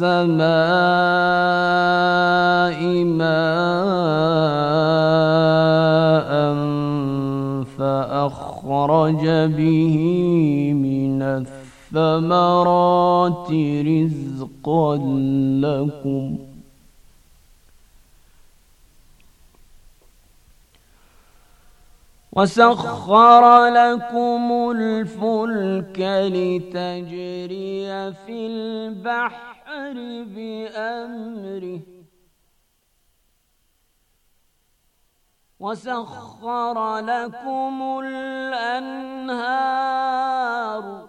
السماء ماء فأخرج به من الثمرات رزقا لكم وسخر لكم الفلك لتجري في البحر البحر بأمره وسخر لكم الأنهار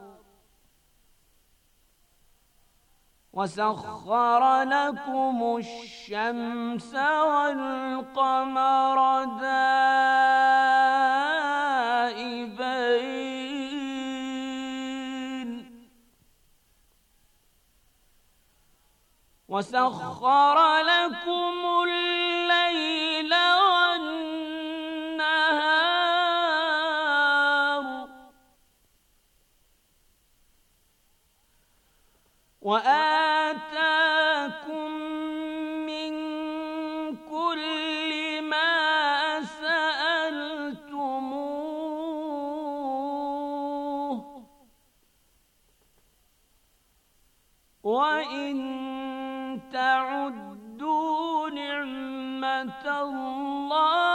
وسخر لكم الشمس والقمر دار وسخر لكم الليل والنهار وآل الله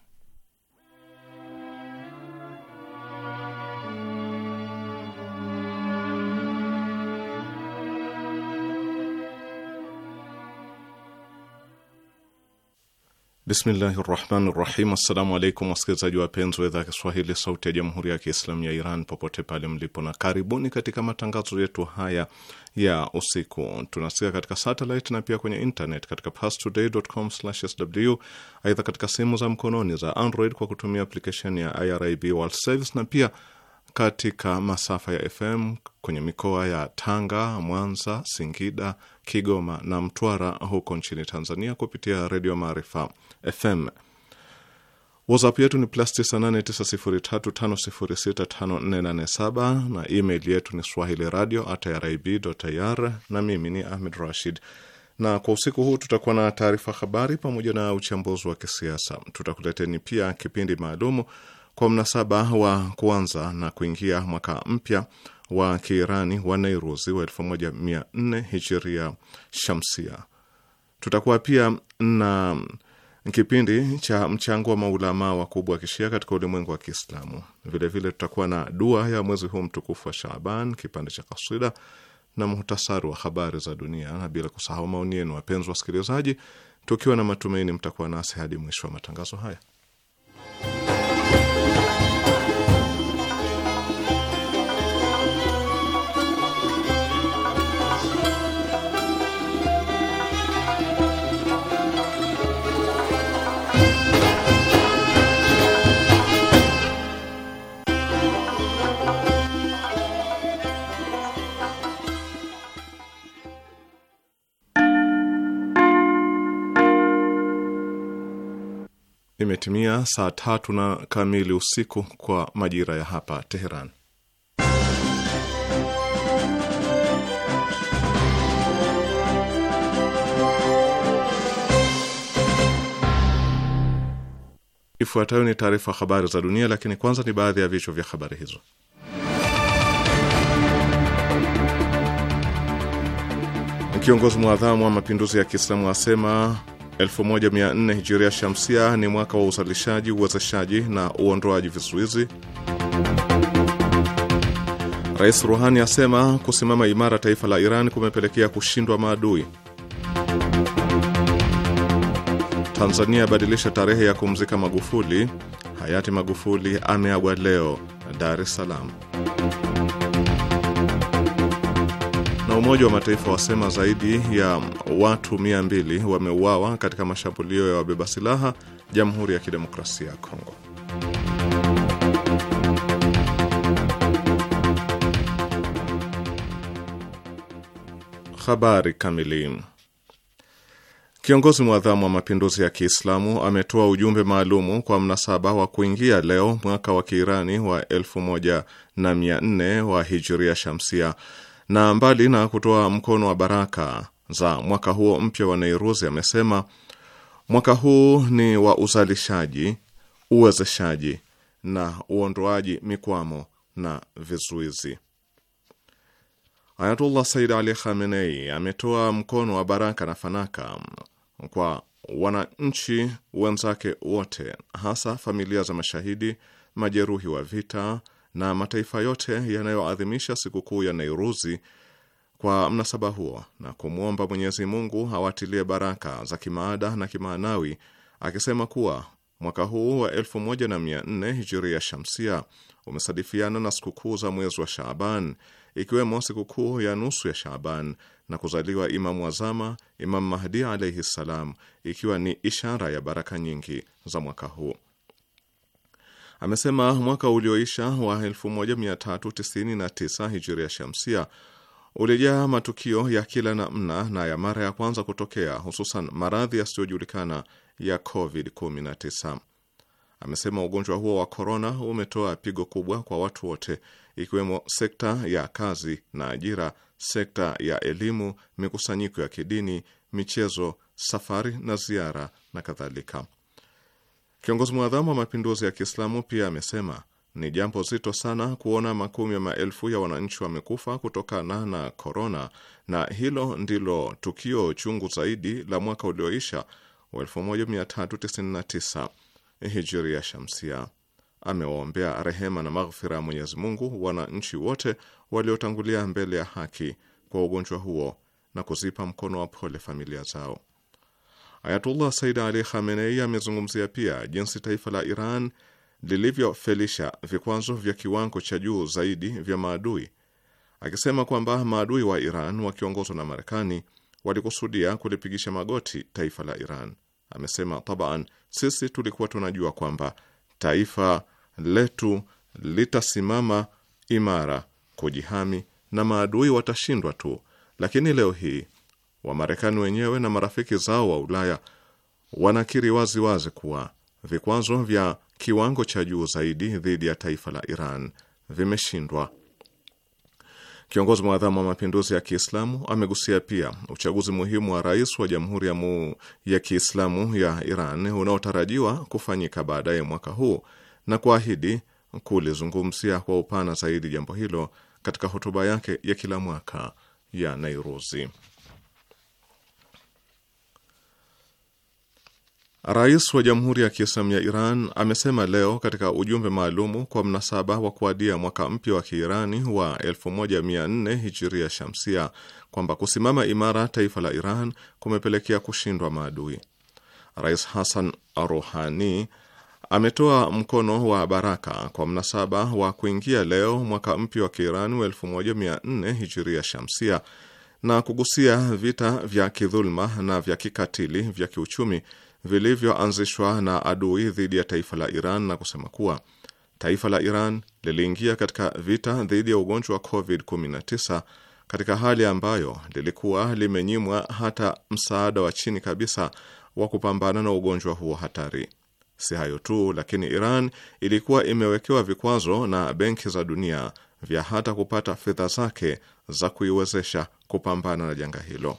Bismillahi rahmani rahim. Assalamu alaikum wasikilizaji wapenzi wa idhaa Kiswahili sauti ya jamhuri ya Kiislamu ya Iran popote pale mlipo, na karibuni katika matangazo yetu haya ya usiku. Tunasikia katika satellite na pia kwenye internet katika pastodaycom sw Aidha, katika simu za mkononi za Android kwa kutumia application ya IRIB World Service na pia katika masafa ya FM kwenye mikoa ya Tanga, Mwanza, Singida, Kigoma na Mtwara huko nchini Tanzania kupitia Redio Maarifa FM. WhatsApp yetu ni plus 9893565487 na email yetu ni swahili radio at irib.ir, na mimi ni Ahmed Rashid. Na kwa usiku huu tutakuwa na taarifa habari pamoja na uchambuzi wa kisiasa. Tutakuleteni pia kipindi maalumu kwa mnasaba wa kuanza na kuingia mwaka mpya wa Kiirani wa Nairuzi wa 1400 hijiria shamsia. Tutakuwa pia na kipindi cha mchango wa maulamaa wakubwa wa kishia katika ulimwengu wa Kiislamu. Vilevile tutakuwa na dua ya mwezi huu mtukufu wa Shaaban, kipande cha kasida na muhtasari wa habari za dunia, na bila kusahau maoni yenu, wapenzi wasikilizaji, tukiwa na matumaini mtakuwa nasi hadi mwisho wa matangazo haya. imetimia saa tatu na kamili usiku kwa majira ya hapa Teheran. Ifuatayo ni taarifa habari za dunia, lakini kwanza ni baadhi ya vichwa vya habari hizo. Kiongozi mwadhamu wa mapinduzi ya Kiislamu asema 1400 hijiria shamsia ni mwaka wa uzalishaji, uwezeshaji na uondoaji vizuizi. Rais Ruhani asema kusimama imara taifa la Iran kumepelekea kushindwa maadui. Tanzania abadilisha tarehe ya kumzika Magufuli. Hayati Magufuli ameagwa leo Dar es Salaam na Umoja wa Mataifa wasema zaidi ya watu mia mbili wameuawa katika mashambulio ya wabeba silaha Jamhuri ya Kidemokrasia ya Kongo. Habari kamili. Kiongozi mwadhamu wa mapinduzi ya Kiislamu ametoa ujumbe maalumu kwa mnasaba wa kuingia leo mwaka wa Kiirani wa 14 wa hijiria shamsia na mbali na kutoa mkono wa baraka za mwaka huo mpya wa Nairuzi, amesema mwaka huu ni wa uzalishaji, uwezeshaji na uondoaji mikwamo na vizuizi. Ayatullah Said Ali Khamenei ametoa mkono wa baraka na fanaka kwa wananchi wenzake wote, hasa familia za mashahidi, majeruhi wa vita na mataifa yote yanayoadhimisha sikukuu ya Nairuzi kwa mnasaba huo na kumwomba Mwenyezi Mungu awatilie baraka za kimaada na kimaanawi, akisema kuwa mwaka huu wa 1404 hijiria shamsia umesadifiana na sikukuu za mwezi wa Shaaban, ikiwemo sikukuu ya nusu ya Shaaban na kuzaliwa Imamu Wazama, Imamu Mahdi alaihi ssalam, ikiwa ni ishara ya baraka nyingi za mwaka huu amesema mwaka ulioisha wa 1399 hijiria shamsia ulijaa matukio ya kila namna na ya mara ya kwanza kutokea, hususan maradhi yasiyojulikana ya COVID-19. Amesema ugonjwa huo wa korona umetoa pigo kubwa kwa watu wote, ikiwemo sekta ya kazi na ajira, sekta ya elimu, mikusanyiko ya kidini, michezo, safari na ziara na kadhalika. Kiongozi mwadhamu wa mapinduzi ya Kiislamu pia amesema ni jambo zito sana kuona makumi ya maelfu ya wananchi wamekufa kutokana na korona, na hilo ndilo tukio chungu zaidi la mwaka ulioisha wa 1399 hijiria shamsia. Amewaombea rehema na maghfira ya Mwenyezi Mungu wananchi wote waliotangulia mbele ya haki kwa ugonjwa huo na kuzipa mkono wa pole familia zao. Ayatullah Said Ali Khamenei amezungumzia pia jinsi taifa la Iran lilivyofelisha vikwazo vya kiwango cha juu zaidi vya maadui, akisema kwamba maadui wa Iran wakiongozwa na Marekani walikusudia kulipigisha magoti taifa la Iran. Amesema taban, sisi tulikuwa tunajua kwamba taifa letu litasimama imara kujihami na maadui watashindwa tu, lakini leo hii Wamarekani wenyewe na marafiki zao wa Ulaya wanakiri wazi wazi kuwa vikwazo vya kiwango cha juu zaidi dhidi ya taifa la Iran vimeshindwa. Kiongozi mwadhamu wa mapinduzi ya Kiislamu amegusia pia uchaguzi muhimu wa rais wa Jamhuri ya, ya Kiislamu ya Iran unaotarajiwa kufanyika baadaye mwaka huu na kuahidi kulizungumzia kwa upana zaidi jambo hilo katika hotuba yake ya kila mwaka ya Nairobi. Rais wa Jamhuri ya Kiislamu ya Iran amesema leo katika ujumbe maalumu kwa mnasaba wa kuadia mwaka mpya wa Kiirani wa 14 hijiria shamsia kwamba kusimama imara taifa la Iran kumepelekea kushindwa maadui. Rais Hassan Rouhani ametoa mkono wa baraka kwa mnasaba wa kuingia leo mwaka mpya wa Kiirani wa 14 hijiria shamsia na kugusia vita vya kidhuluma na vya kikatili vya kiuchumi vilivyoanzishwa na adui dhidi ya taifa la Iran na kusema kuwa taifa la Iran liliingia katika vita dhidi ya ugonjwa wa COVID-19 katika hali ambayo lilikuwa limenyimwa hata msaada wa chini kabisa wa kupambana na ugonjwa huo hatari. Si hayo tu, lakini Iran ilikuwa imewekewa vikwazo na benki za dunia vya hata kupata fedha zake za kuiwezesha kupambana na janga hilo.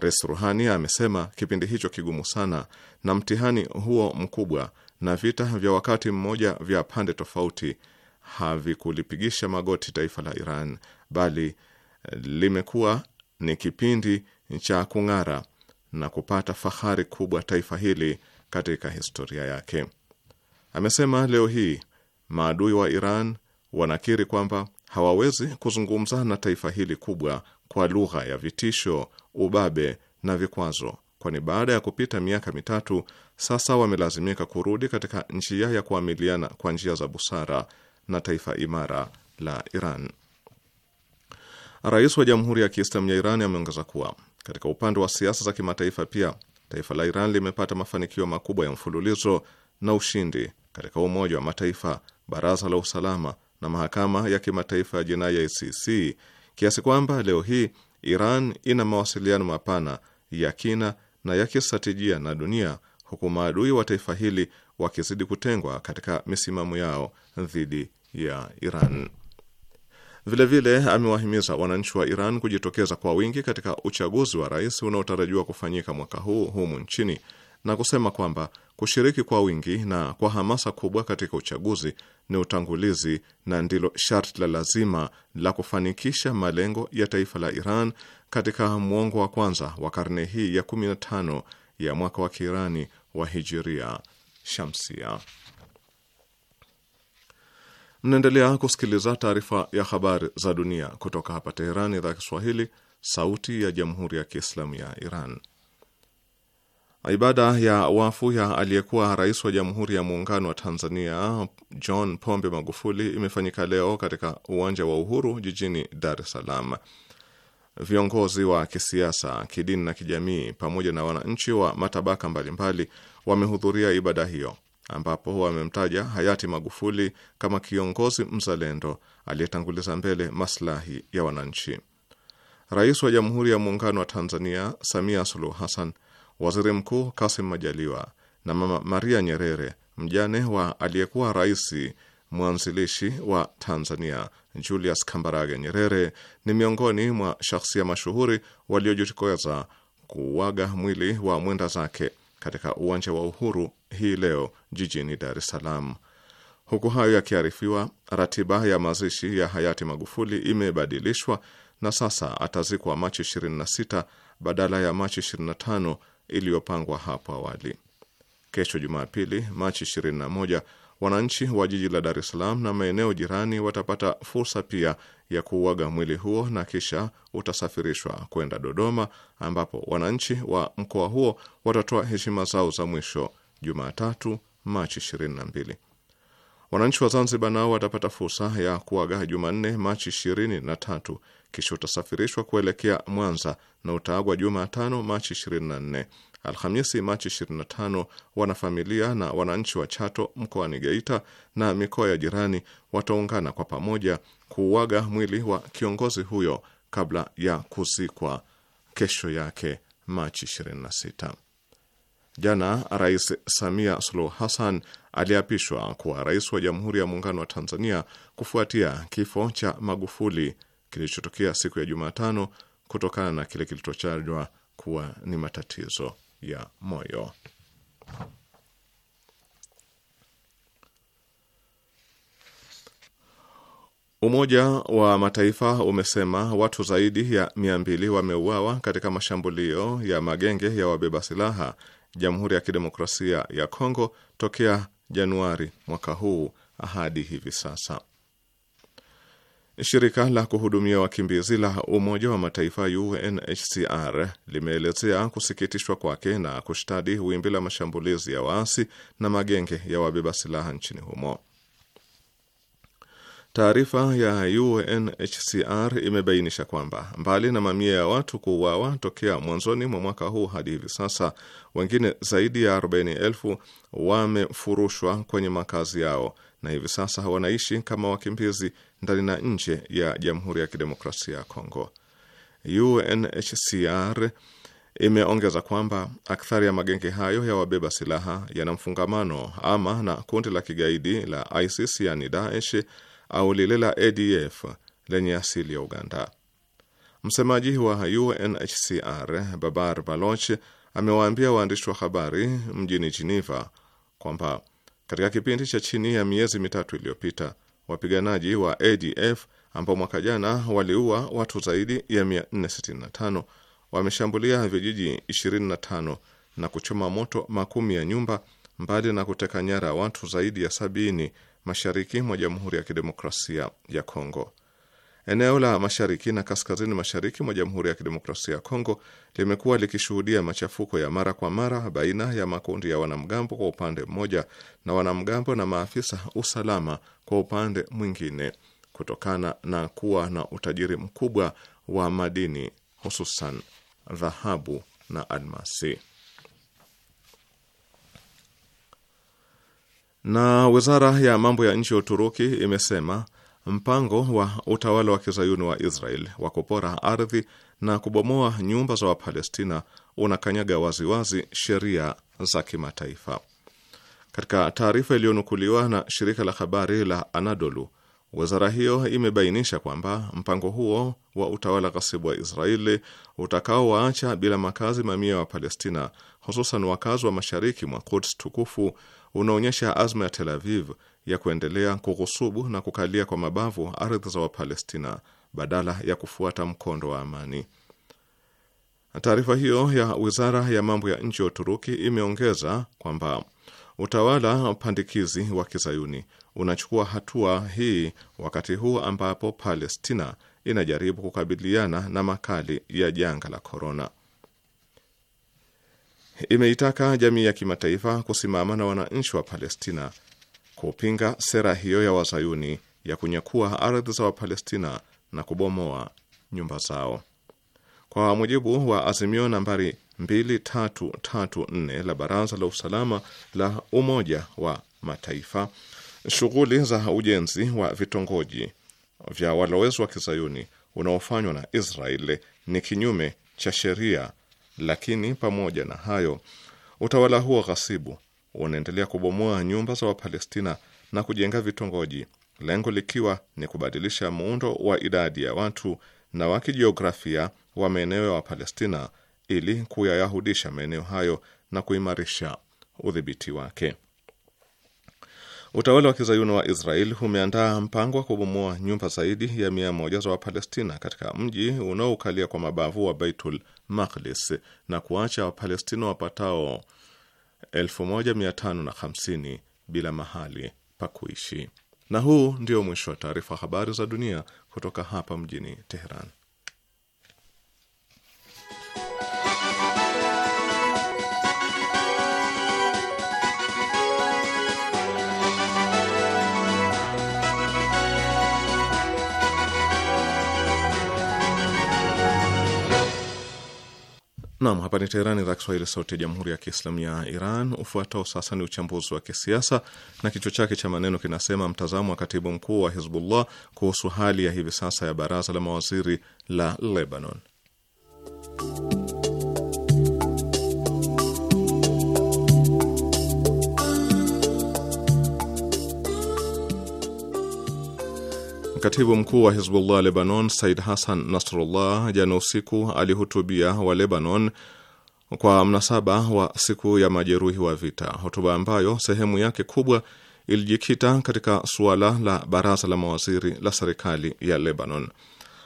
Rais Ruhani amesema kipindi hicho kigumu sana na mtihani huo mkubwa na vita vya wakati mmoja vya pande tofauti havikulipigisha magoti taifa la Iran, bali eh, limekuwa ni kipindi cha kung'ara na kupata fahari kubwa taifa hili katika historia yake. Amesema leo hii maadui wa Iran wanakiri kwamba hawawezi kuzungumza na taifa hili kubwa kwa lugha ya vitisho ubabe na vikwazo, kwani baada ya kupita miaka mitatu sasa wamelazimika kurudi katika njia ya kuamiliana kwa njia za busara na taifa imara la Iran. Rais wa Jamhuri ya Kiislamu ya Iran ameongeza kuwa katika upande wa siasa za kimataifa pia taifa la Iran limepata mafanikio makubwa ya mfululizo na ushindi katika Umoja wa Mataifa, Baraza la Usalama na Mahakama ya Kimataifa ya Jinai ya ICC kiasi kwamba leo hii Iran ina mawasiliano mapana ya kina na ya kistratejia na dunia, huku maadui wa taifa hili wakizidi kutengwa katika misimamo yao dhidi ya Iran. Vilevile amewahimiza wananchi wa Iran kujitokeza kwa wingi katika uchaguzi wa rais unaotarajiwa kufanyika mwaka huu humu nchini na kusema kwamba Kushiriki kwa wingi na kwa hamasa kubwa katika uchaguzi ni utangulizi na ndilo sharti la lazima la kufanikisha malengo ya taifa la Iran katika mwongo wa kwanza wa karne hii ya 15 ya mwaka wa Kiirani wa Hijiria Shamsia. Mnaendelea kusikiliza taarifa ya habari za dunia kutoka hapa Teherani, idhaa Kiswahili, sauti ya jamhuri ya kiislamu ya Iran. Ibada ya wafu ya aliyekuwa rais wa Jamhuri ya Muungano wa Tanzania John Pombe Magufuli imefanyika leo katika uwanja wa Uhuru jijini Dar es Salaam. Viongozi wa kisiasa, kidini na kijamii pamoja na wananchi wa matabaka mbalimbali wamehudhuria ibada hiyo ambapo wamemtaja hayati Magufuli kama kiongozi mzalendo aliyetanguliza mbele maslahi ya wananchi. Rais wa Jamhuri ya Muungano wa Tanzania Samia Suluhu Hassan waziri mkuu Kasim Majaliwa na Mama Maria Nyerere, mjane wa aliyekuwa rais mwanzilishi wa Tanzania Julius Kambarage Nyerere, ni miongoni mwa shahsia mashuhuri waliojitokeza kuuaga mwili wa mwenda zake katika uwanja wa Uhuru hii leo jijini Dar es Salaam. Huku hayo yakiarifiwa, ratiba ya mazishi ya hayati Magufuli imebadilishwa na sasa atazikwa Machi 26 badala ya Machi 25 iliyopangwa hapo awali. Kesho Jumapili, Machi 21, wananchi wa jiji la Dar es Salaam na maeneo jirani watapata fursa pia ya kuuaga mwili huo na kisha utasafirishwa kwenda Dodoma, ambapo wananchi wa mkoa huo watatoa heshima zao za mwisho Jumatatu, Machi 22. Wananchi wa Zanzibar nao watapata fursa ya kuaga Jumanne, Machi 23 kisha utasafirishwa kuelekea Mwanza na utaagwa Jumatano Machi 24. Alhamisi Machi 25, wanafamilia na wananchi wa Chato mkoani Geita na mikoa ya jirani wataungana kwa pamoja kuuaga mwili wa kiongozi huyo kabla ya kuzikwa kesho yake Machi 26. Jana Rais Samia Suluhu Hassan aliapishwa kuwa rais wa Jamhuri ya Muungano wa Tanzania kufuatia kifo cha Magufuli kilichotokea siku ya Jumatano kutokana na kile kilichotajwa kuwa ni matatizo ya moyo. Umoja wa Mataifa umesema watu zaidi ya mia mbili wameuawa katika mashambulio ya magenge ya wabeba silaha Jamhuri ya Kidemokrasia ya Kongo tokea Januari mwaka huu hadi hivi sasa. Shirika la kuhudumia wakimbizi la Umoja wa Mataifa UNHCR limeelezea kusikitishwa kwake na kushtadi wimbi la mashambulizi ya waasi na magenge ya wabeba silaha nchini humo. Taarifa ya UNHCR imebainisha kwamba mbali na mamia ya watu kuuawa tokea mwanzoni mwa mwaka huu hadi hivi sasa, wengine zaidi ya 40,000 wamefurushwa kwenye makazi yao na hivi sasa wanaishi kama wakimbizi ndani na nje ya Jamhuri ya Kidemokrasia ya Kongo. UNHCR imeongeza kwamba akthari ya magenge hayo ya wabeba silaha yana mfungamano ama na kundi la kigaidi la ISIS yani Daesh au lile la ADF lenye asili ya Uganda. Msemaji wa UNHCR Babar Baloch amewaambia waandishi wa habari mjini Geneva kwamba katika kipindi cha chini ya miezi mitatu iliyopita, wapiganaji wa ADF ambao mwaka jana waliua watu zaidi ya 465 wameshambulia vijiji 25 na kuchoma moto makumi ya nyumba, mbali na kuteka nyara watu zaidi ya sabini mashariki mwa Jamhuri ya Kidemokrasia ya Kongo. Eneo la mashariki na kaskazini mashariki mwa Jamhuri ya Kidemokrasia ya Kongo limekuwa likishuhudia machafuko ya mara kwa mara baina ya makundi ya wanamgambo kwa upande mmoja na wanamgambo na maafisa usalama kwa upande mwingine, kutokana na kuwa na utajiri mkubwa wa madini hususan dhahabu na almasi. Na wizara ya mambo ya nchi ya Uturuki imesema mpango wa utawala wa kizayuni wa Israel wa kupora ardhi na kubomoa nyumba za Wapalestina unakanyaga waziwazi sheria za kimataifa. Katika taarifa iliyonukuliwa na shirika la habari la Anadolu, wizara hiyo imebainisha kwamba mpango huo wa utawala ghasibu wa Israeli utakaowaacha bila makazi mamia ya Wapalestina, hususan wakazi wa mashariki mwa Quds tukufu unaonyesha azma ya Tel Aviv ya kuendelea kughusubu na kukalia kwa mabavu ardhi za Wapalestina badala ya kufuata mkondo wa amani. Taarifa hiyo ya wizara ya mambo ya nje ya Uturuki imeongeza kwamba utawala pandikizi wa kizayuni unachukua hatua hii wakati huu ambapo Palestina inajaribu kukabiliana na makali ya janga la korona. Imeitaka jamii ya kimataifa kusimama na wananchi wa Palestina kupinga sera hiyo ya wazayuni ya kunyakua ardhi za Wapalestina na kubomoa nyumba zao. Kwa mujibu wa azimio nambari 2334 la Baraza la Usalama la Umoja wa Mataifa, shughuli za ujenzi wa vitongoji vya walowezi wa kizayuni unaofanywa na Israeli ni kinyume cha sheria, lakini pamoja na hayo utawala huo ghasibu unaendelea kubomoa nyumba za Wapalestina na kujenga vitongoji, lengo likiwa ni kubadilisha muundo wa idadi ya watu na wa kijiografia wa maeneo ya Wapalestina ili kuyayahudisha maeneo hayo na kuimarisha udhibiti wake. Utawala wa kizayuni wa Israel umeandaa mpango wa kubomoa nyumba zaidi ya mia moja za Wapalestina katika mji unaoukalia kwa mabavu wa Baitul Maqdis na kuacha Wapalestina wapatao 1550 bila mahali pa kuishi. Na huu ndio mwisho wa taarifa habari za dunia kutoka hapa mjini Teheran. Nam, hapa ni Teherani, idhaa Kiswahili, sauti ya jamhuri ya kiislamu ya Iran. Ufuatao sasa ni uchambuzi wa kisiasa na kichwa chake cha maneno kinasema: mtazamo wa katibu mkuu wa Hizbullah kuhusu hali ya hivi sasa ya baraza la mawaziri la Lebanon. Katibu mkuu wa Hizbullah Lebanon Said Hassan Nasrullah jana usiku alihutubia wa Lebanon kwa mnasaba wa siku ya majeruhi wa vita, hotuba ambayo sehemu yake kubwa ilijikita katika suala la baraza la mawaziri la serikali ya Lebanon.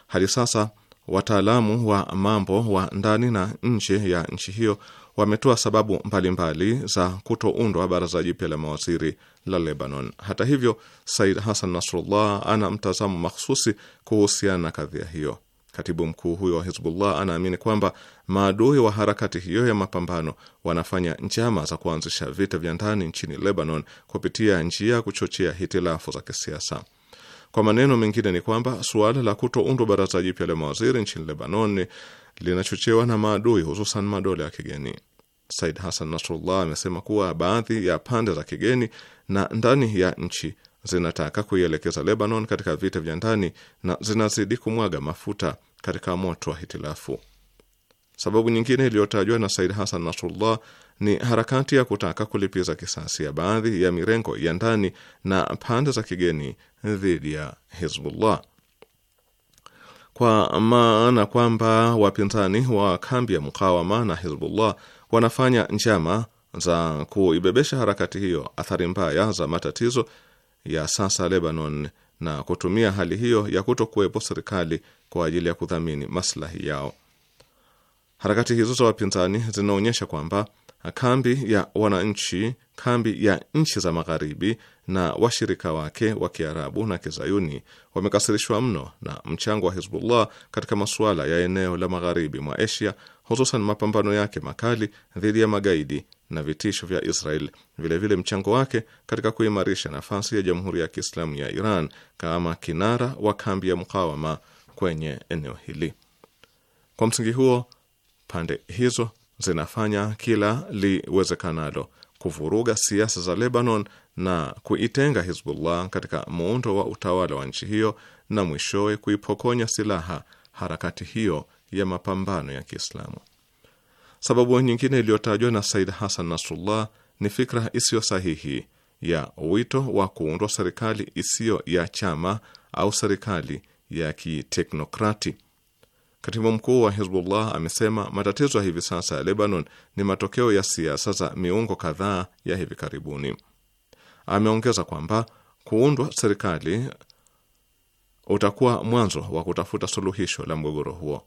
Hadi sasa wataalamu wa mambo wa ndani na nje ya nchi hiyo wametoa sababu mbalimbali mbali za kutoundwa baraza jipya la mawaziri la Lebanon. Hata hivyo, Said Hassan Nasrullah ana mtazamo makhususi kuhusiana na kadhia hiyo. Katibu mkuu huyo wa Hizbullah anaamini kwamba maadui wa harakati hiyo ya mapambano wanafanya njama za kuanzisha vita vya ndani nchini Lebanon kupitia njia ya kuchochea hitilafu za kisiasa. Kwa maneno mengine, ni kwamba suala la kutoundwa baraza jipya la mawaziri nchini Lebanon linachochewa na maadui, hususan madola ya kigeni. Said Hassan Nasrullah amesema kuwa baadhi ya pande za kigeni na ndani ya nchi zinataka kuielekeza Lebanon katika vita vya ndani na zinazidi kumwaga mafuta katika moto wa hitilafu. Sababu nyingine iliyotajwa na Said Hassan Nasrullah ni harakati ya kutaka kulipiza kisasi ya baadhi ya mirengo ya ndani na pande za kigeni dhidi ya Hizbullah kwa maana kwamba wapinzani wa kambi ya mukawama na Hizbullah wanafanya njama za kuibebesha harakati hiyo athari mbaya za matatizo ya sasa Lebanon na kutumia hali hiyo ya kuto kuwepo serikali kwa ajili ya kudhamini maslahi yao. Harakati hizo za wapinzani zinaonyesha kwamba kambi ya wananchi kambi ya nchi za magharibi na washirika wake wa Kiarabu na Kizayuni wamekasirishwa mno na mchango wa Hizbullah katika masuala ya eneo la magharibi mwa Asia, hususan mapambano yake makali dhidi ya magaidi na vitisho vya Israel, vilevile vile mchango wake katika kuimarisha nafasi ya Jamhuri ya Kiislamu ya Iran kama kinara wa kambi ya mukawama kwenye eneo hili. Kwa msingi huo, pande hizo zinafanya kila liwezekanalo kuvuruga siasa za Lebanon na kuitenga Hizbullah katika muundo wa utawala wa nchi hiyo na mwishowe kuipokonya silaha harakati hiyo ya mapambano ya Kiislamu. Sababu nyingine iliyotajwa na Said Hassan Nasrullah ni fikra isiyo sahihi ya wito wa kuundwa serikali isiyo ya chama au serikali ya kiteknokrati. Katibu mkuu wa Hizbullah amesema matatizo ya hivi sasa ya Lebanon ni matokeo ya siasa za miungo kadhaa ya hivi karibuni. Ameongeza kwamba kuundwa serikali utakuwa mwanzo wa kutafuta suluhisho la mgogoro huo.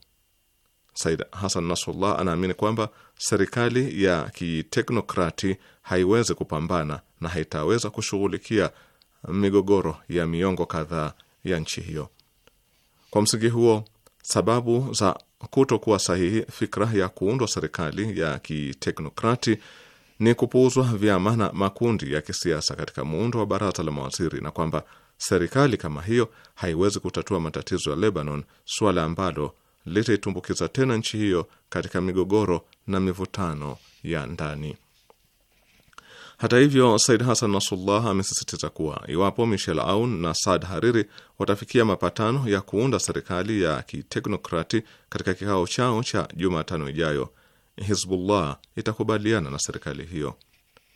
Said Hassan Nasrullah anaamini kwamba serikali ya kiteknokrati haiwezi kupambana na haitaweza kushughulikia migogoro ya miongo kadhaa ya nchi hiyo. Kwa msingi huo sababu za kutokuwa sahihi fikra ya kuundwa serikali ya kiteknokrati ni kupuuzwa vyama na makundi ya kisiasa katika muundo wa baraza la mawaziri na kwamba serikali kama hiyo haiwezi kutatua matatizo ya Lebanon, suala ambalo litaitumbukiza tena nchi hiyo katika migogoro na mivutano ya ndani. Hata hivyo, Said Hassan Nasrallah amesisitiza kuwa iwapo Michel Aoun na Saad Hariri watafikia mapatano ya kuunda serikali ya kiteknokrati katika kikao chao cha Jumatano ijayo, Hizbullah itakubaliana na serikali hiyo.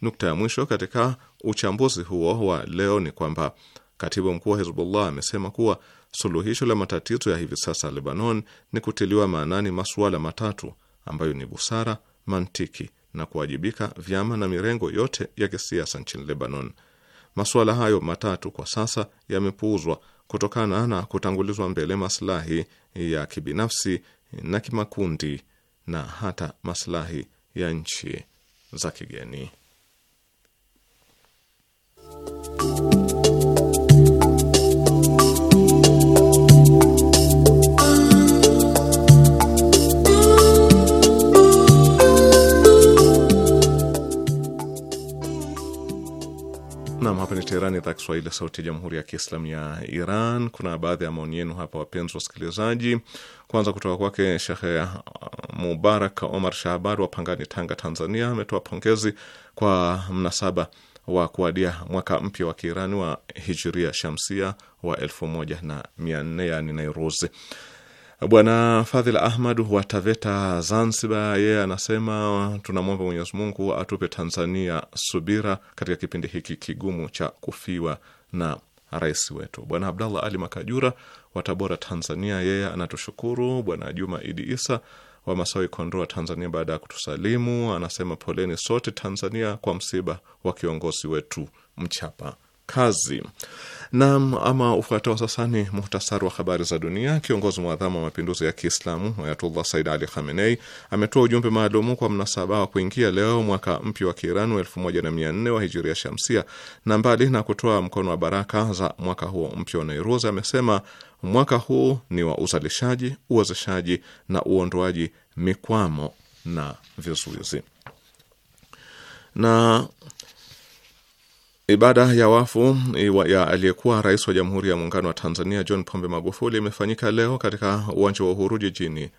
Nukta ya mwisho katika uchambuzi huo wa leo ni kwamba katibu mkuu wa Hizbullah amesema kuwa suluhisho la matatizo ya hivi sasa Lebanon ni kutiliwa maanani masuala matatu ambayo ni busara, mantiki na kuwajibika vyama na mirengo yote ya kisiasa nchini Lebanon. Masuala hayo matatu kwa sasa yamepuuzwa kutokana na kutangulizwa mbele maslahi ya kibinafsi na kimakundi na hata maslahi ya nchi za kigeni. Nam, hapa ni Teherani, idhaa Kiswahili, sauti ya jamhuri ya kiislamu ya Iran. Kuna baadhi ya maoni yenu hapa, wapenzi wasikilizaji. Kwanza kutoka kwake Shekhe Mubarak Omar Shahbar wa Pangani, Tanga, Tanzania, ametoa pongezi kwa mnasaba wa kuadia mwaka mpya wa Kiirani wa hijiria shamsia wa elfu moja na mia nne yaani Nairuzi. Bwana Fadhil Ahmad wa Taveta, Zanzibar, yeye yeah, anasema tunamwomba Mwenyezi Mungu atupe Tanzania subira katika kipindi hiki kigumu cha kufiwa na rais wetu. Bwana Abdallah Ali Makajura wa Tabora, Tanzania, yeye yeah, anatushukuru. Bwana Juma Idi Isa wa Masawi, Kondoa, Tanzania, baada ya kutusalimu anasema poleni sote Tanzania kwa msiba wa kiongozi wetu mchapa kazi. Naam, ama ufuatao sasa ni muhtasari wa habari za dunia. Kiongozi mwadhamu wa mapinduzi ya Kiislamu Ayatullah Said Ali Khamenei ametoa ujumbe maalumu kwa mnasaba wa kuingia leo mwaka mpya wa Kiiranu 1404 wa hijiria shamsia, na mbali na kutoa mkono wa baraka za mwaka huo mpya wa Nairuzi, amesema mwaka huu ni wa uzalishaji, uwezeshaji na uondoaji mikwamo na vizuizi na Ibada ya wafu ya aliyekuwa rais wa Jamhuri ya Muungano wa Tanzania John Pombe Magufuli imefanyika leo katika uwanja wa Uhuru jijini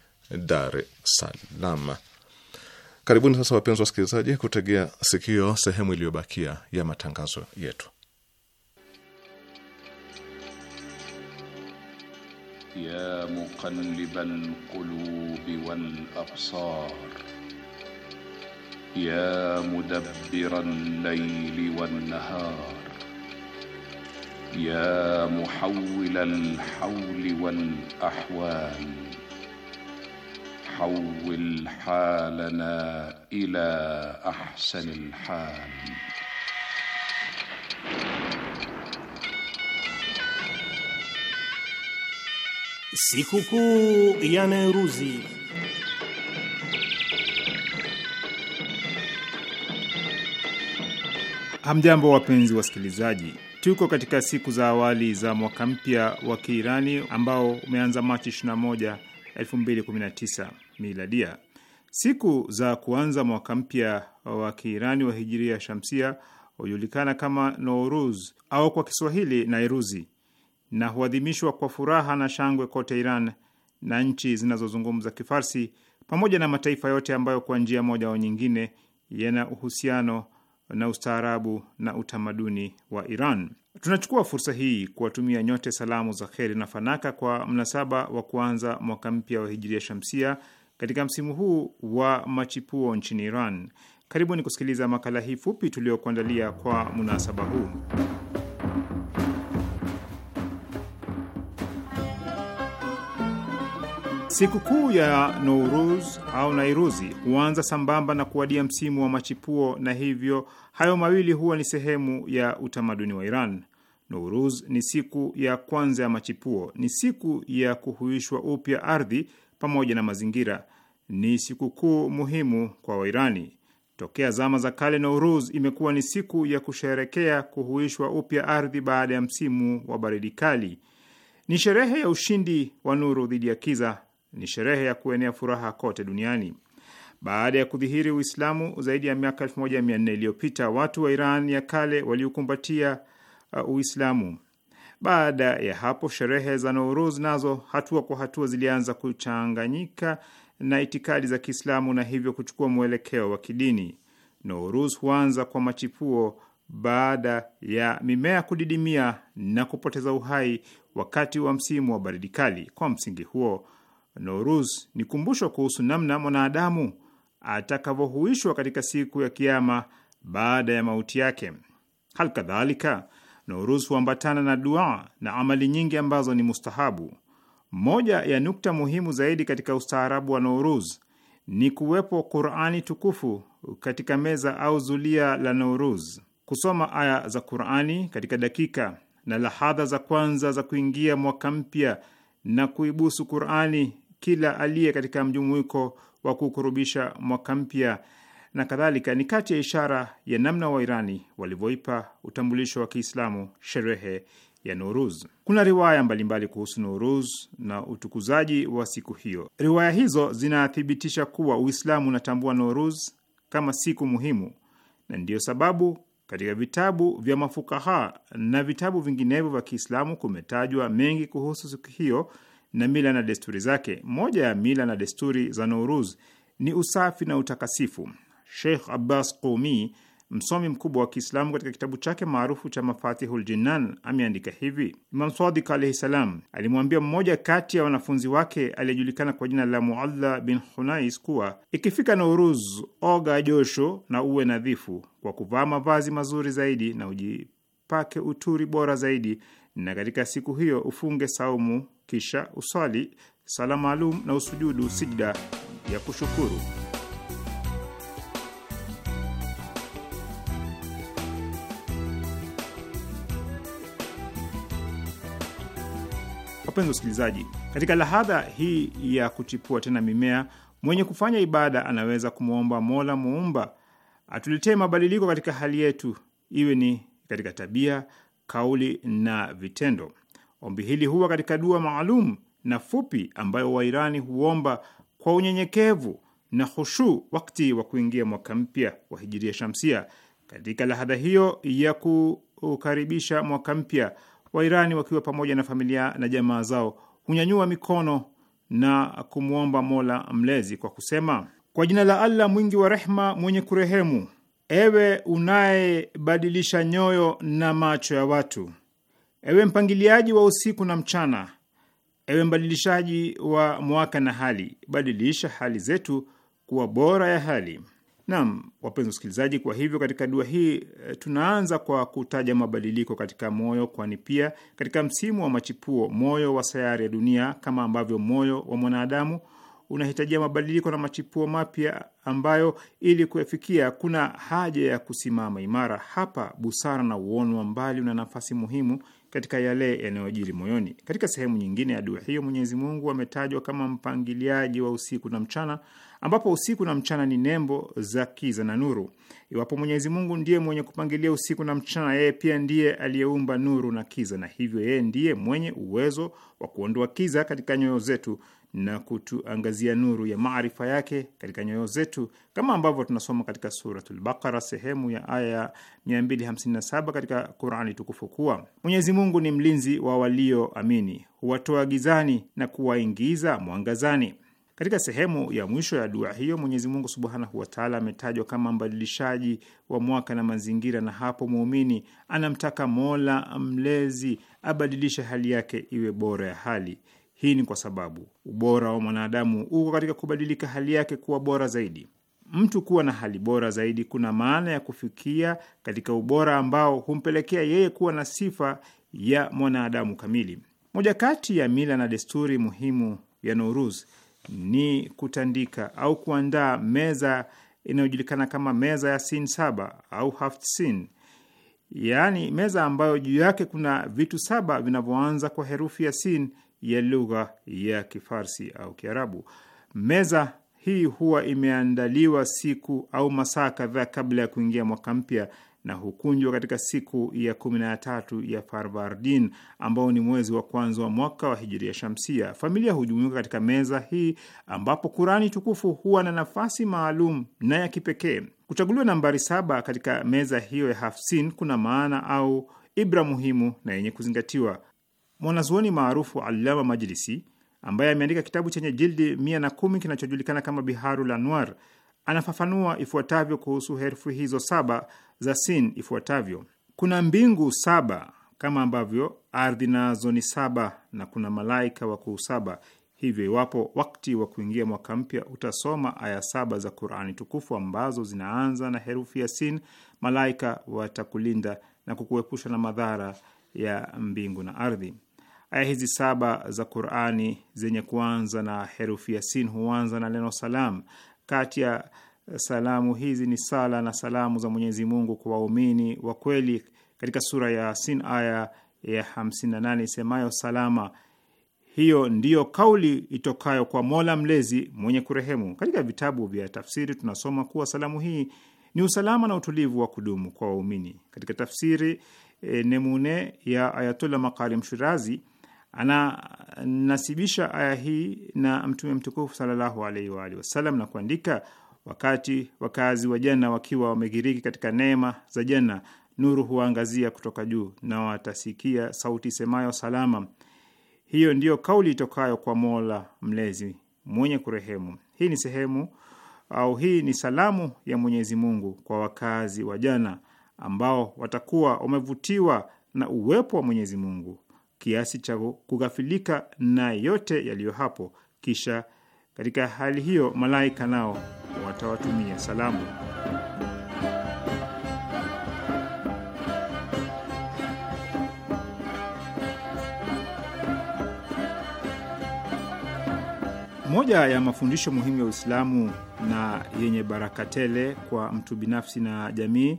Dar es Salaam. Karibuni sasa, wapenzi wasikilizaji, kutegea sikio sehemu iliyobakia ya matangazo yetu ya يا مدبر الليل والنهار يا محول الحول والاحوال حول حالنا الى احسن الحال Sikukuu ya نيروزي Hamjambo, wapenzi wasikilizaji. Tuko katika siku za awali za mwaka mpya wa Kiirani ambao umeanza Machi 21, 2019 miladia. Siku za kuanza mwaka mpya wa Kiirani wa hijiria shamsia hujulikana kama Nouruz au kwa Kiswahili Nairuzi, na huadhimishwa kwa furaha na shangwe kote Iran na nchi zinazozungumza Kifarsi pamoja na mataifa yote ambayo kwa njia moja au nyingine yana uhusiano na ustaarabu na utamaduni wa Iran. Tunachukua fursa hii kuwatumia nyote salamu za kheri na fanaka kwa mnasaba wa kuanza mwaka mpya wa hijiria shamsia katika msimu huu wa machipuo nchini Iran. Karibuni kusikiliza makala hii fupi tuliyokuandalia kwa munasaba huu. Sikukuu ya Nouruz au Nairuzi huanza sambamba na kuwadia msimu wa machipuo, na hivyo hayo mawili huwa ni sehemu ya utamaduni wa Iran. Nouruz ni siku ya kwanza ya machipuo, ni siku ya kuhuishwa upya ardhi pamoja na mazingira. Ni sikukuu muhimu kwa Wairani. Tokea zama za kale, Nouruz imekuwa ni siku ya kusherekea kuhuishwa upya ardhi baada ya msimu wa baridi kali. Ni sherehe ya ushindi wa nuru dhidi ya kiza ni sherehe ya kuenea furaha kote duniani. Baada ya kudhihiri Uislamu zaidi ya miaka 1400 iliyopita, watu wa Iran ya kale waliokumbatia uh, Uislamu. Baada ya hapo, sherehe za Nouruz nazo hatua kwa hatua zilianza kuchanganyika na itikadi za Kiislamu na hivyo kuchukua mwelekeo wa kidini. Nouruz huanza kwa machipuo baada ya mimea kudidimia na kupoteza uhai wakati wa msimu wa baridi kali. Kwa msingi huo Noruz ni kumbusho kuhusu namna mwanadamu atakavyohuishwa katika siku ya Kiama baada ya mauti yake. Hal kadhalika Noruz huambatana na dua na amali nyingi ambazo ni mustahabu. Moja ya nukta muhimu zaidi katika ustaarabu wa Noruz ni kuwepo Qurani tukufu katika meza au zulia la Noruz. Kusoma aya za Qurani katika dakika na lahadha za kwanza za kuingia mwaka mpya na kuibusu Qurani kila aliye katika mjumuiko wa kukurubisha mwaka mpya na kadhalika, ni kati ya ishara ya namna Wairani walivyoipa utambulisho wa Kiislamu sherehe ya Nuruz. Kuna riwaya mbalimbali mbali kuhusu Nuruz na utukuzaji wa siku hiyo. Riwaya hizo zinathibitisha kuwa Uislamu unatambua Nuruz kama siku muhimu, na ndiyo sababu katika vitabu vya mafukaha na vitabu vinginevyo vya Kiislamu kumetajwa mengi kuhusu siku hiyo na mila na desturi zake. Moja ya mila na desturi za nouruz ni usafi na utakasifu. Sheikh Abbas Qumi, msomi mkubwa wa Kiislamu, katika kitabu chake maarufu cha Mafatihul Jinan ameandika hivi: Imam sadik alaihi salam alimwambia mmoja kati ya wanafunzi wake aliyejulikana kwa jina la Mualla bin Hunais kuwa ikifika nouruz oga josho na uwe nadhifu kwa kuvaa mavazi mazuri zaidi na ujipake uturi bora zaidi na katika siku hiyo ufunge saumu, kisha uswali sala maalum na usujudu sijda ya kushukuru. Wapenzi wasikilizaji, katika lahadha hii ya kuchipua tena mimea, mwenye kufanya ibada anaweza kumwomba Mola muumba atuletee mabadiliko katika hali yetu, iwe ni katika tabia, kauli na vitendo. Ombi hili huwa katika dua maalum na fupi ambayo Wairani huomba kwa unyenyekevu na hushu wakti wa kuingia mwaka mpya wa hijiria shamsia. Katika lahadha hiyo ya kukaribisha mwaka mpya, Wairani wakiwa pamoja na familia na jamaa zao hunyanyua mikono na kumwomba Mola Mlezi kwa kusema: kwa jina la Allah mwingi wa rehma mwenye kurehemu ewe unayebadilisha nyoyo na macho ya watu, ewe mpangiliaji wa usiku na mchana, ewe mbadilishaji wa mwaka na hali, badilisha hali zetu kuwa bora ya hali. Naam, wapenzi wasikilizaji, kwa hivyo katika dua hii eh, tunaanza kwa kutaja mabadiliko katika moyo, kwani pia katika msimu wa machipuo moyo wa sayari ya dunia, kama ambavyo moyo wa mwanadamu unahitajia mabadiliko na machipuo mapya ambayo ili kuyafikia kuna haja ya kusimama imara. Hapa busara na uono wa mbali una nafasi muhimu katika yale yanayojiri moyoni. Katika sehemu nyingine ya dua hiyo, Mwenyezi Mungu ametajwa kama mpangiliaji wa usiku na mchana, ambapo usiku na mchana ni nembo za kiza na nuru. Iwapo Mwenyezi Mungu ndiye mwenye kupangilia usiku na mchana, yeye pia ndiye aliyeumba nuru na kiza, na hivyo yeye ndiye mwenye uwezo wa kuondoa kiza katika nyoyo zetu na kutuangazia nuru ya maarifa yake katika nyoyo zetu, kama ambavyo tunasoma katika Suratul Bakara sehemu ya aya ya 257 katika Qurani tukufu kuwa Mwenyezi Mungu ni mlinzi wa walioamini, huwatoa gizani na kuwaingiza mwangazani. Katika sehemu ya mwisho ya dua hiyo Mwenyezi Mungu subhanahu wataala ametajwa kama mbadilishaji wa mwaka na mazingira, na hapo muumini anamtaka Mola mlezi abadilishe hali yake iwe bora ya hali hii ni kwa sababu ubora wa mwanadamu uko katika kubadilika hali yake kuwa bora zaidi. Mtu kuwa na hali bora zaidi kuna maana ya kufikia katika ubora ambao humpelekea yeye kuwa na sifa ya mwanadamu kamili. Moja kati ya mila na desturi muhimu ya Nowruz ni kutandika au kuandaa meza inayojulikana kama meza ya sin saba au haftsin yaani meza ambayo juu yake kuna vitu saba vinavyoanza kwa herufi ya sin ya lugha ya Kifarsi au Kiarabu. Meza hii huwa imeandaliwa siku au masaa kadhaa kabla ya kuingia mwaka mpya na hukunjwa katika siku ya kumi na tatu ya Farvardin ambao ni mwezi wa kwanza wa mwaka wa hijiria shamsia. Familia hujumuika katika meza hii ambapo Kurani tukufu huwa na nafasi maalum na ya kipekee. Kuchaguliwa nambari saba katika meza hiyo ya Hafsin kuna maana au ibra muhimu na yenye kuzingatiwa. Mwanazuoni maarufu Allama Majlisi ambaye ameandika kitabu chenye jildi mia na kumi kinachojulikana kama Biharul Anwar anafafanua ifuatavyo kuhusu herufi hizo saba za Sin ifuatavyo: kuna mbingu saba kama ambavyo ardhi nazo ni saba, na kuna malaika wakuu saba. Hivyo iwapo wakti wa kuingia mwaka mpya utasoma aya saba za Qurani tukufu ambazo zinaanza na herufi ya Sin, malaika watakulinda na kukuepusha na madhara ya mbingu na ardhi. Aya hizi saba za Qurani zenye kuanza na herufi ya Sin huanza na neno salam. Kati ya Salamu hizi ni sala na salamu za Mwenyezi Mungu kwa waumini wa kweli katika sura ya Yasin aya ya 58 isemayo salama. Hiyo ndiyo kauli itokayo kwa Mola Mlezi mwenye kurehemu. Katika vitabu vya tafsiri tunasoma kuwa salamu hii ni usalama na utulivu wa kudumu kwa waumini. Katika tafsiri e, Nemune ya Ayatullah Makarim Shirazi ananasibisha aya hii na Mtume mtukufu sallallahu alaihi wa alihi wasallam na kuandika Wakati wakazi wa Janna wakiwa wamegiriki katika neema za Janna, nuru huwaangazia kutoka juu na watasikia sauti semayo salama. Hiyo ndiyo kauli itokayo kwa Mola Mlezi mwenye kurehemu. Hii ni sehemu au hii ni salamu ya Mwenyezi Mungu kwa wakazi wa Janna ambao watakuwa wamevutiwa na uwepo wa Mwenyezi Mungu kiasi cha kughafilika na yote yaliyo hapo. Kisha katika hali hiyo malaika nao watawatumia salamu. Moja ya mafundisho muhimu ya Uislamu na yenye baraka tele kwa mtu binafsi na jamii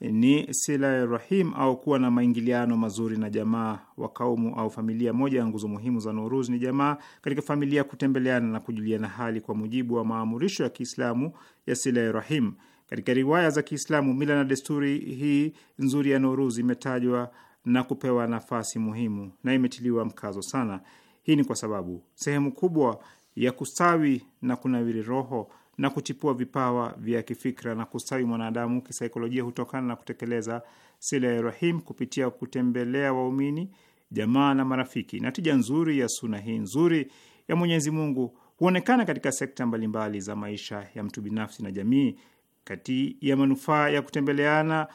ni sila rahim au kuwa na maingiliano mazuri na jamaa wa kaumu au familia. Moja ya nguzo muhimu za Nuruz ni jamaa katika familia, kutembeleana na kujuliana hali kwa mujibu wa maamurisho ya Kiislamu ya sila rahim. Katika riwaya za Kiislamu, mila na desturi hii nzuri ya Nuruz imetajwa na kupewa nafasi muhimu na imetiliwa mkazo sana. Hii ni kwa sababu sehemu kubwa ya kustawi na kunawiri roho na kuchipua vipawa vya kifikra na kustawi mwanadamu kisaikolojia hutokana na kutekeleza sila ya Rahim kupitia kutembelea waumini, jamaa na marafiki. Na tija nzuri ya suna hii nzuri ya Mwenyezi Mungu huonekana katika sekta mbalimbali za maisha ya mtu binafsi na jamii. Kati ya manufaa ya kutembeleana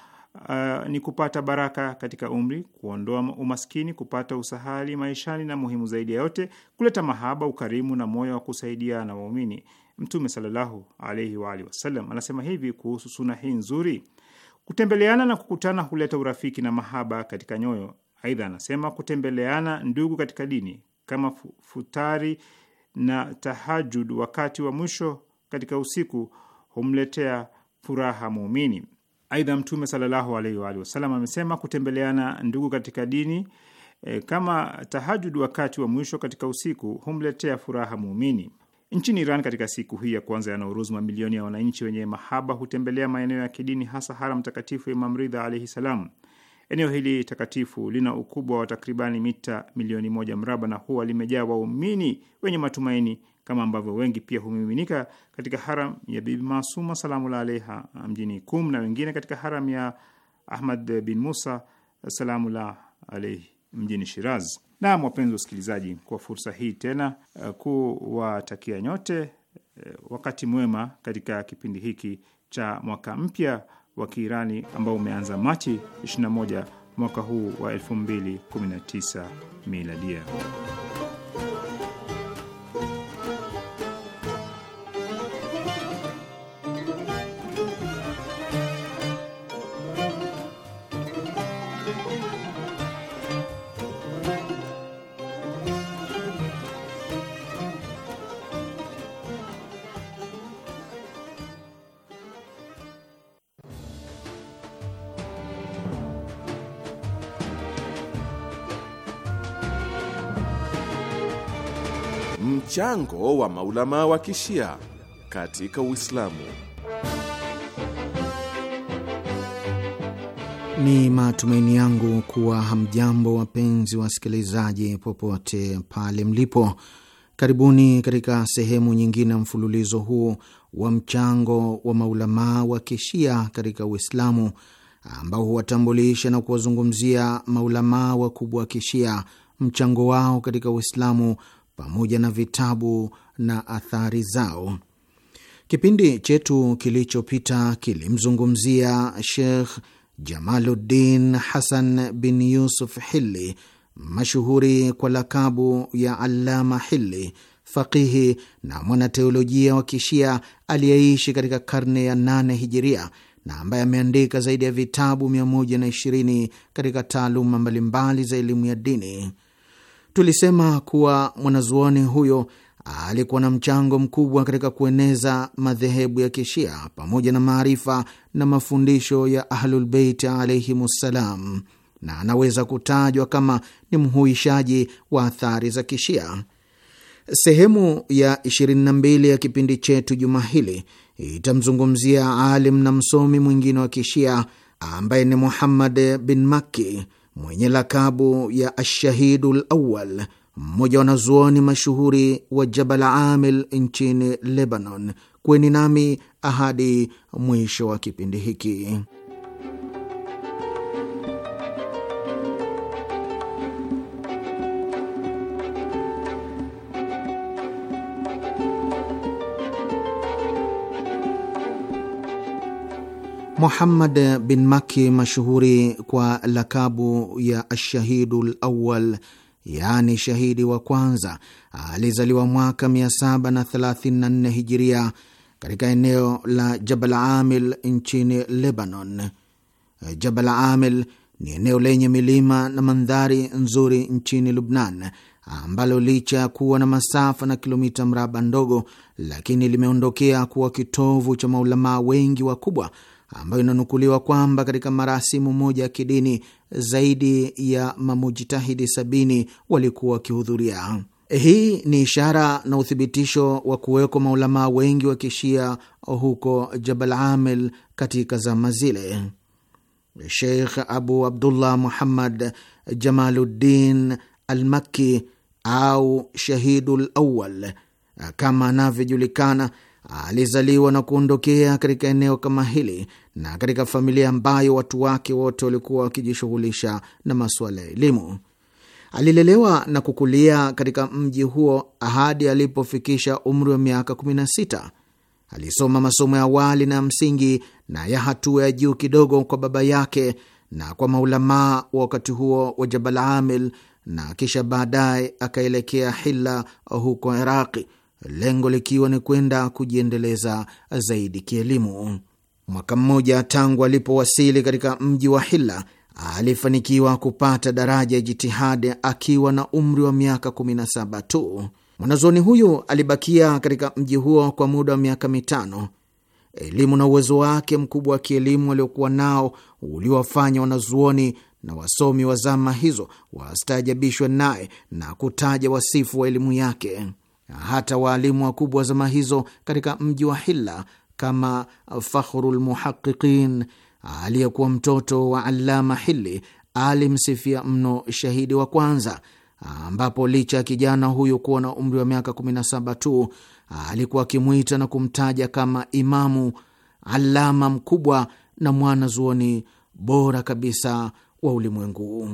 Uh, ni kupata baraka katika umri, kuondoa umaskini, kupata usahali maishani, na muhimu zaidi ya yote, kuleta mahaba, ukarimu na moyo wa kusaidia na waumini. Mtume sallallahu alaihi wa alihi wasallam anasema hivi kuhusu suna hii nzuri: kutembeleana na kukutana huleta urafiki na mahaba katika nyoyo. Aidha anasema kutembeleana ndugu katika dini kama futari na tahajud wakati wa mwisho katika usiku humletea furaha muumini. Aidha, Mtume sallallahu alaihi wa alihi wasallam amesema kutembeleana ndugu katika dini e, kama tahajud wakati wa mwisho katika usiku humletea furaha muumini. Nchini Iran, katika siku hii ya kwanza ya Nauruz, mamilioni ya wananchi wenye mahaba hutembelea maeneo ya kidini, hasa haram takatifu ya Imam Ridha alaihi salam. Eneo hili takatifu lina ukubwa wa takribani mita milioni moja mraba na huwa limejaa waumini wenye matumaini, kama ambavyo wengi pia humiminika katika haram ya Bibi Masuma salamula alaiha mjini Kum na wengine katika haram ya Ahmad bin Musa salamula alaihi mjini Shiraz. Naam, wapenzi wasikilizaji, kwa fursa hii tena eh, kuwatakia nyote eh, wakati mwema katika kipindi hiki cha mwaka mpya wa Kiirani ambao umeanza Machi 21 mwaka huu wa 2019 miladia. Mchango wa maulama wa kishia katika Uislamu. Ni matumaini yangu kuwa hamjambo, wapenzi wasikilizaji, popote pale mlipo. Karibuni katika sehemu nyingine ya mfululizo huu wa mchango wa maulamaa wa kishia katika Uislamu, ambao huwatambulisha na kuwazungumzia maulamaa wakubwa wa kishia, mchango wao katika Uislamu pamoja na vitabu na athari zao. Kipindi chetu kilichopita kilimzungumzia Sheikh Jamaluddin Hasan bin Yusuf Hilli, mashuhuri kwa lakabu ya Allama Hilli, faqihi na mwanateolojia wa Kishia aliyeishi katika karne ya nane hijiria na ambaye ameandika zaidi ya vitabu 120 katika taaluma mbalimbali za elimu ya dini. Tulisema kuwa mwanazuoni huyo alikuwa na mchango mkubwa katika kueneza madhehebu ya Kishia pamoja na maarifa na mafundisho ya Ahlulbeiti alaihimussalam, na anaweza kutajwa kama ni mhuishaji wa athari za Kishia. Sehemu ya 22 ya kipindi chetu juma hili itamzungumzia alim na msomi mwingine wa Kishia ambaye ni Muhammad bin Makki mwenye lakabu ya Ashahidu Lawal, mmoja wanazuoni mashuhuri wa Jabal Amil nchini Lebanon. Kweni nami ahadi mwisho wa kipindi hiki. Muhammad bin Maki, mashuhuri kwa lakabu ya Ashahidu Lawal, yaani shahidi wa kwanza, alizaliwa mwaka 734 Hijiria katika eneo la Jabal Amil nchini Lebanon. Jabal Amil ni eneo lenye milima na mandhari nzuri nchini Lubnan, ambalo licha ya kuwa na masafa na kilomita mraba ndogo, lakini limeondokea kuwa kitovu cha maulamaa wengi wakubwa ambayo inanukuliwa kwamba katika marasimu moja ya kidini zaidi ya mamujitahidi sabini walikuwa wakihudhuria. Hii ni ishara na uthibitisho wa kuwekwa maulamaa wengi wa kishia huko Jabal Amil katika zama zile. Sheikh Abu Abdullah Muhammad Jamaluddin Almakki au Shahidul Awal kama anavyojulikana Alizaliwa na kuondokea katika eneo kama hili na katika familia ambayo watu wake wote walikuwa wakijishughulisha na masuala ya elimu. Alilelewa na kukulia katika mji huo hadi alipofikisha umri wa miaka 16. Alisoma masomo ya awali na msingi na ya hatua ya juu kidogo kwa baba yake na kwa maulamaa wa wakati huo wa Jabal Amil, na kisha baadaye akaelekea Hilla huko Iraqi lengo likiwa ni kwenda kujiendeleza zaidi kielimu. Mwaka mmoja tangu alipowasili katika mji wa Hilla, alifanikiwa kupata daraja ya jitihadi akiwa na umri wa miaka 17 tu. Mwanazuoni huyu alibakia katika mji huo kwa muda wa miaka mitano. Elimu na uwezo wake mkubwa wa kielimu aliokuwa nao uliwafanya wanazuoni na wasomi wa zama hizo wastaajabishwe naye na kutaja wasifu wa elimu yake hata waalimu wakubwa wa zama hizo katika mji wa Hilla kama Fakhrul Muhaqiqin aliyekuwa mtoto wa Allama Hili alimsifia mno shahidi wa kwanza, ambapo licha ya kijana huyo kuwa na umri wa miaka 17 tu alikuwa akimwita na kumtaja kama imamu, alama mkubwa na mwanazuoni bora kabisa wa ulimwengu.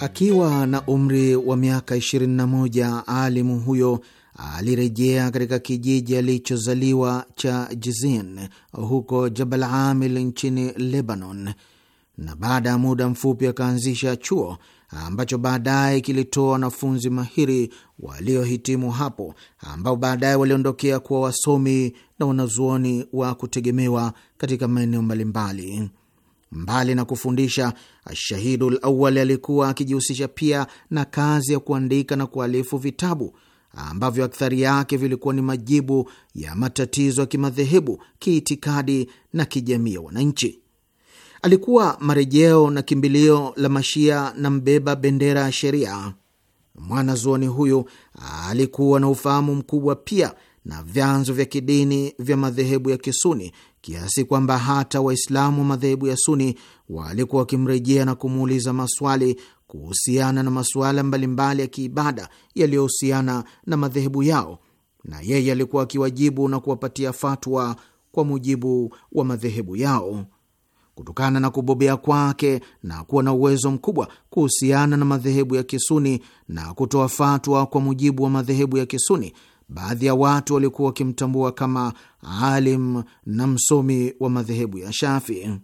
Akiwa na umri wa miaka 21 alimu huyo alirejea katika kijiji alichozaliwa cha Jizin huko Jabal Amil nchini Lebanon, na baada ya muda mfupi akaanzisha chuo ambacho baadaye kilitoa wanafunzi mahiri waliohitimu hapo, ambao baadaye waliondokea kuwa wasomi na wanazuoni wa kutegemewa katika maeneo mbalimbali. Mbali na kufundisha, Ashahidu Lawali alikuwa akijihusisha pia na kazi ya kuandika na kualifu vitabu ambavyo akthari yake vilikuwa ni majibu ya matatizo ya kimadhehebu, kiitikadi na kijamii ya wananchi. Alikuwa marejeo na kimbilio la Mashia na mbeba bendera ya sheria. Mwanazuoni huyu alikuwa na ufahamu mkubwa pia na vyanzo vya kidini vya madhehebu ya Kisuni kiasi kwamba hata Waislamu wa madhehebu ya Suni walikuwa wakimrejea na kumuuliza maswali kuhusiana na masuala mbalimbali ya kiibada yaliyohusiana na madhehebu yao, na yeye alikuwa akiwajibu na kuwapatia fatwa kwa mujibu wa madhehebu yao. Kutokana na kubobea kwake na kuwa na uwezo mkubwa kuhusiana na madhehebu ya Kisuni na kutoa fatwa kwa mujibu wa madhehebu ya Kisuni, Baadhi ya watu walikuwa wakimtambua kama alim na msomi wa madhehebu ya Shafi.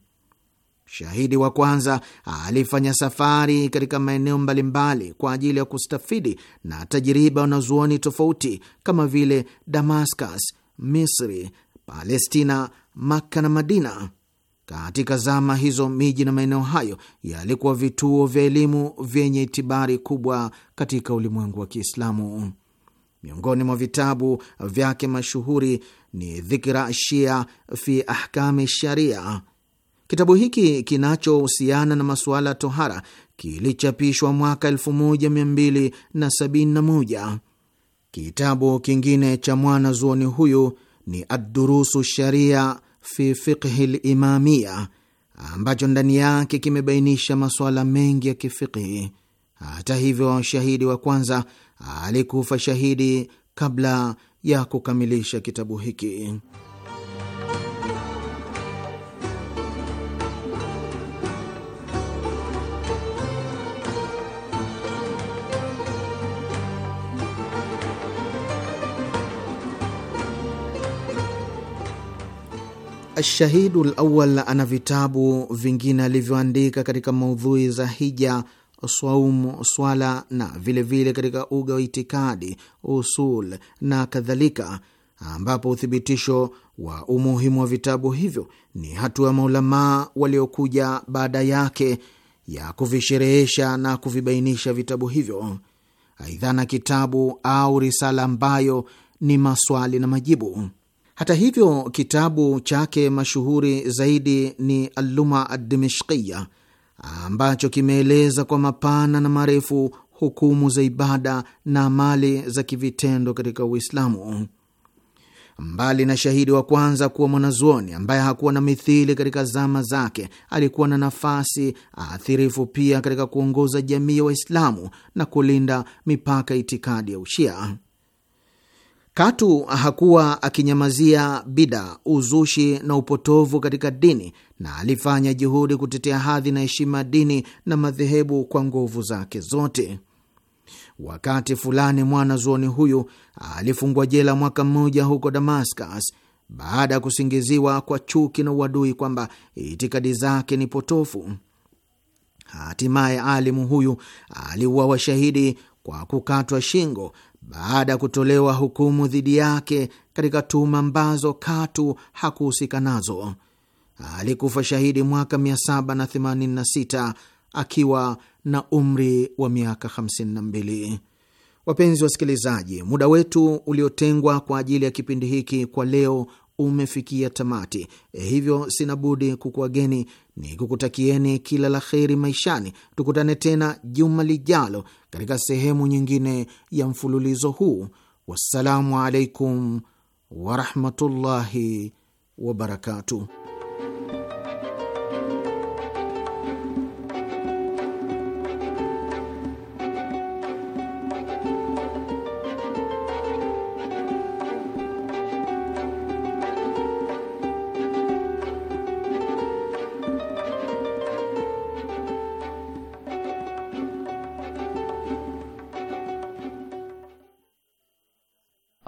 Shahidi wa kwanza alifanya safari katika maeneo mbalimbali kwa ajili ya kustafidi na tajiriba zuoni tofauti kama vile Damascus, Misri, Palestina, Makka na Madina. Katika zama hizo, miji na maeneo hayo yalikuwa vituo vya elimu vyenye itibari kubwa katika ulimwengu wa Kiislamu. Miongoni mwa vitabu vyake mashuhuri ni Dhikra Shia fi Ahkami Sharia. Kitabu hiki kinachohusiana na masuala ya tohara kilichapishwa mwaka 1271. Kitabu kingine cha mwana zuoni huyu ni Addurusu Sharia fi Fiqhi Limamia, ambacho ndani yake kimebainisha masuala mengi ya kifiqhi. Hata hivyo, shahidi wa kwanza alikufa shahidi kabla ya kukamilisha kitabu hiki. Ashahidu Lawal ana vitabu vingine alivyoandika katika maudhui za hija swaumu, swala na vilevile vile katika uga wa itikadi, usul na kadhalika, ambapo uthibitisho wa umuhimu wa vitabu hivyo ni hatua ya maulamaa waliokuja baada yake ya kuvisherehesha na kuvibainisha vitabu hivyo. Aidha, na kitabu au risala ambayo ni maswali na majibu. Hata hivyo, kitabu chake mashuhuri zaidi ni Alluma Adimishkiya ambacho kimeeleza kwa mapana na marefu hukumu za ibada na amali za kivitendo katika Uislamu. Mbali na shahidi wa kwanza kuwa mwanazuoni ambaye hakuwa na mithili katika zama zake, alikuwa na nafasi athirifu pia katika kuongoza jamii ya Waislamu na kulinda mipaka itikadi ya Ushia. Katu hakuwa akinyamazia bida, uzushi na upotovu katika dini, na alifanya juhudi kutetea hadhi na heshima ya dini na madhehebu kwa nguvu zake zote. Wakati fulani mwana zuoni huyu alifungwa jela mwaka mmoja huko Damascus baada ya kusingiziwa kwa chuki na uadui kwamba itikadi zake ni potofu. Hatimaye alimu huyu aliuawa shahidi kwa kukatwa shingo baada ya kutolewa hukumu dhidi yake katika tuma ambazo katu hakuhusika nazo. Alikufa shahidi mwaka 786 akiwa na umri wa miaka 52. Wapenzi wasikilizaji, muda wetu uliotengwa kwa ajili ya kipindi hiki kwa leo umefikia tamati. Eh, hivyo sina budi kukuwageni ni kukutakieni kila la kheri maishani. Tukutane tena juma lijalo katika sehemu nyingine ya mfululizo huu. Wassalamu alaikum warahmatullahi wabarakatuh.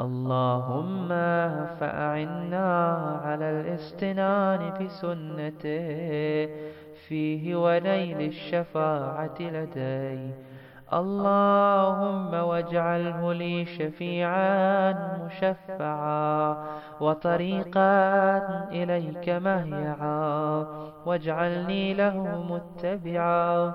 اللهم فأعنا على الاستنان سنته فيه ونيل الشفاعة لديه اللهم واجعله لي شفيعا مشفعا وطريقا إليك مهيعا واجعلني له متبعا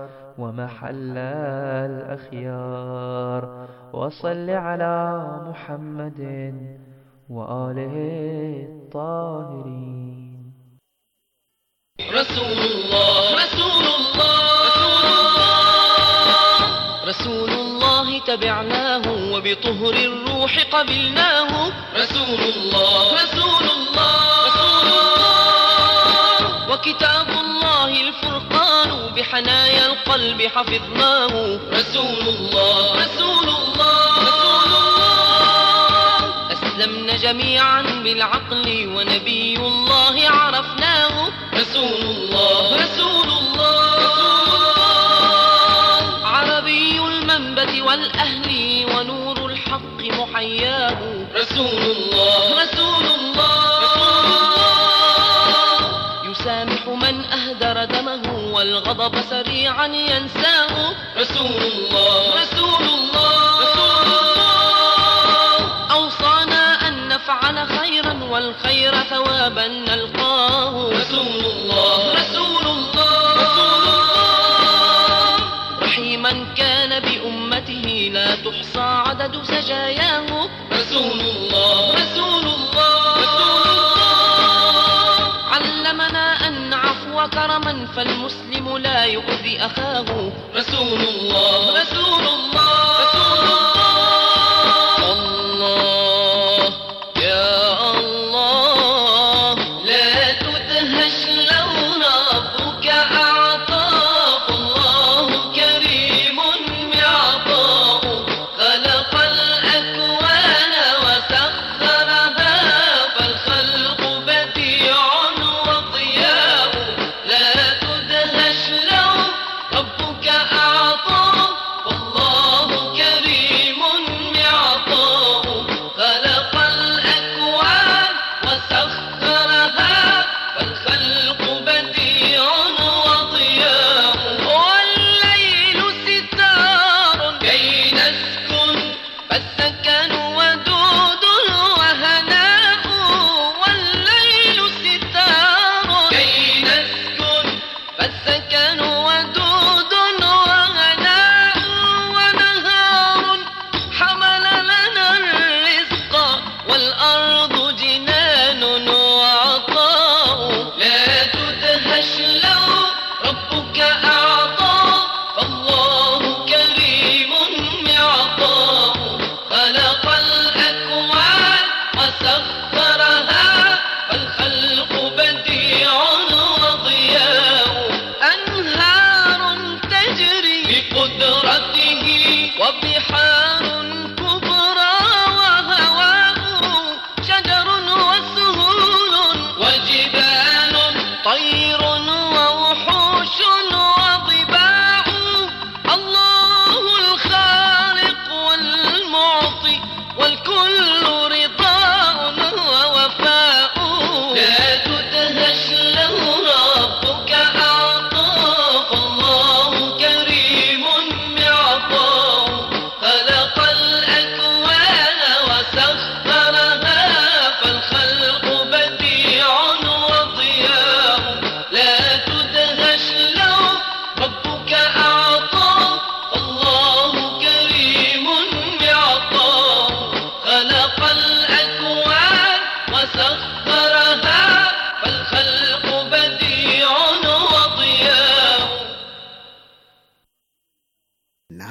ومحل الأخيار وصل على محمد وآله الطاهرين رسول الله رسول الله رسول الله تبعناه وبطهر الروح قبلناه رسول الله رسول الله رسول الله وكتاب الله الفرقان بحنايا القلب حفظناه رسول الله رسول الله رسول الله أسلمنا جميعا بالعقل ونبي الله عرفناه رسول الله رسول الله, رسول الله عربي المنبت والأهل ونور الحق محياه رسول الله رسول الله والغضب سريعا ينساه رسول الله رسول الله رسول الله أوصانا أن نفعل خيرا والخير ثوابا نلقاه رسول الله رسول الله رسول الله رحيما كان بأمته لا تحصى عدد سجاياه رسول الله رسول الله رسول الله وكرما فالمسلم لا يؤذي أخاه رسول الله رسول الله